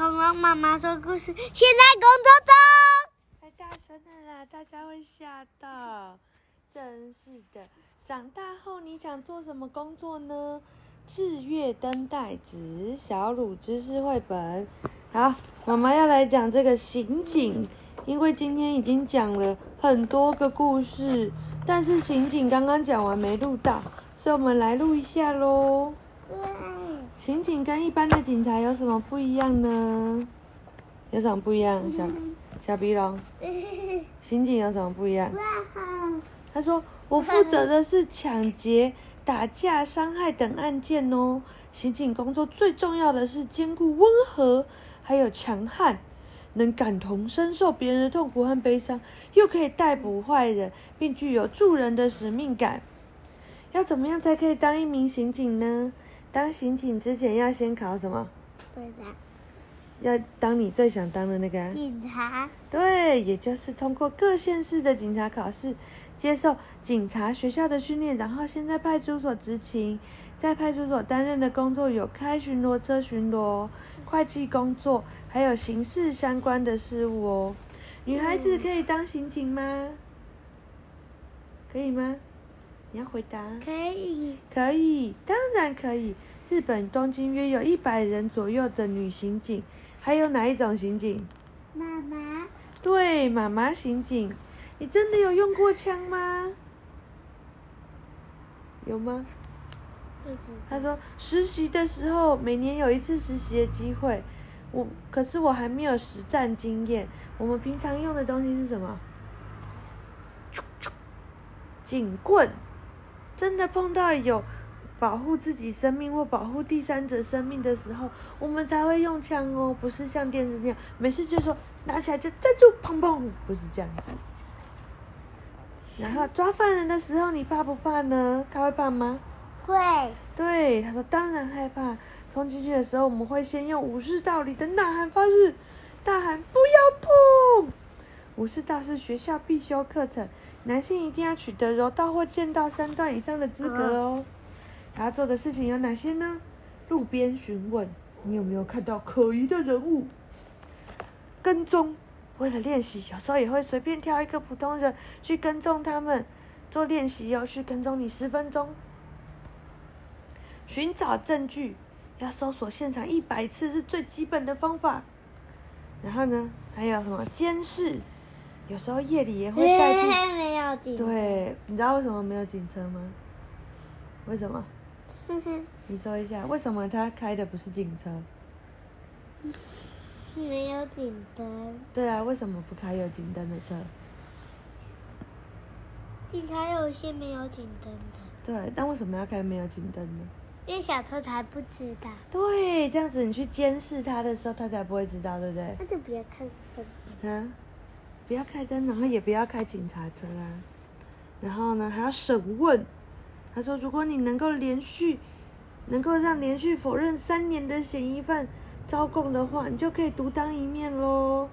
恐龍媽媽說故事，現在工作中。太、哎、大聲了啦，大家會嚇到。真是的，長大後你想做什麼工作呢？越智登代子小魯知識繪本。好，媽媽要來講這個刑警，因為今天已經講了很多個故事，但是刑警剛剛講完沒錄到，所以我們來錄一下嘍。嗯刑警跟一般的警察有什麼不一樣呢？有什麼不一樣？小，小鼻龍，刑警有什麼不一樣？他說：“我負責的是搶劫、打架、傷害等案件哦。刑警工作最重要的是兼顧溫和，還有強悍，能感同身受別人的痛苦和悲傷，又可以逮捕壞人，並具有助人的使命感。要怎麼樣才可以當一名刑警呢？”當刑警之前要先考什麼？對的。要當你最想當的那個啊？警察。對，也就是通過各縣市的警察考試，接受警察學校的訓練，然後先在派出所執勤。在派出所擔任的工作有開巡邏車巡邏、會計工作，還有刑事相關的事務哦。女孩子可以當刑警嗎？嗯。可以嗎？你要回答？可以，可以，當然可以。日本東京約有一百人左右的女刑警。還有哪一種刑警？媽媽。對，媽媽刑警。你真的有用過槍嗎？有嗎？她說，實習的時候每年有一次實習的機會，我可是我還沒有實戰經驗。我們平常用的東西是什麼？警棍。真的碰到有保護自己生命或保護第三者生命的時候，我們才會用槍哦、喔，不是像電視那樣，沒事就說拿起來就站住，砰砰，不是這樣子。然後抓犯人的時候，你怕不怕呢？他會怕嗎？會。對，他說當然害怕。衝進去的時候，我們會先用武士道裡的吶喊方式，大喊不要動。武士道是學校必修課程，男性一定要取得柔道或劍道三段以上的資格哦。然後做的事情有哪些呢？路邊詢問，你有沒有看到可疑的人物？跟蹤，為了練習，有時候也會隨便挑一個普通人去跟蹤他們做練習，要去跟蹤你十分鐘。尋找證據，要搜索現場一百次是最基本的方法。然後呢，還有什麼？監視。有時候夜裡也會帶去。對，你知道為什麼沒有警車嗎？為什麼？你說一下，為什麼他開的不是警車？沒有警燈。對啊，為什麼不開有警燈的車？警察有一些沒有警燈的。對，但為什麼要開沒有警燈呢？因為小偷才不知道。對，這樣子你去監視他的時候，他才不會知道，對不對？那就別看。嗯。不要開燈，然後也不要開警察車啊！然後呢，還要審問。他說：“如果你能夠連續，能夠讓連續否認三年的嫌疑犯招供的話，你就可以獨當一面嘍。”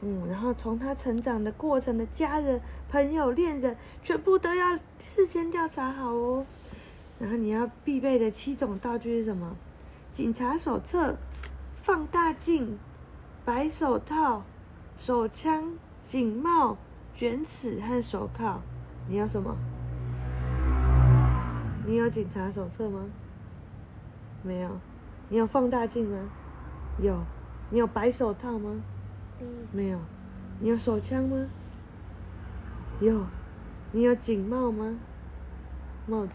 嗯，然後從他成長的過程的家人、朋友、戀人，全部都要事先調查好哦。然後你要必備的七種道具是什麼？警察手冊、放大鏡、白手套、手槍。警帽、捲尺和手銬，你要什麼？你有警察手冊嗎？沒有。你有放大鏡嗎？有。你有白手套嗎？嗯。沒有。你有手槍嗎？有。你有警帽嗎？帽子。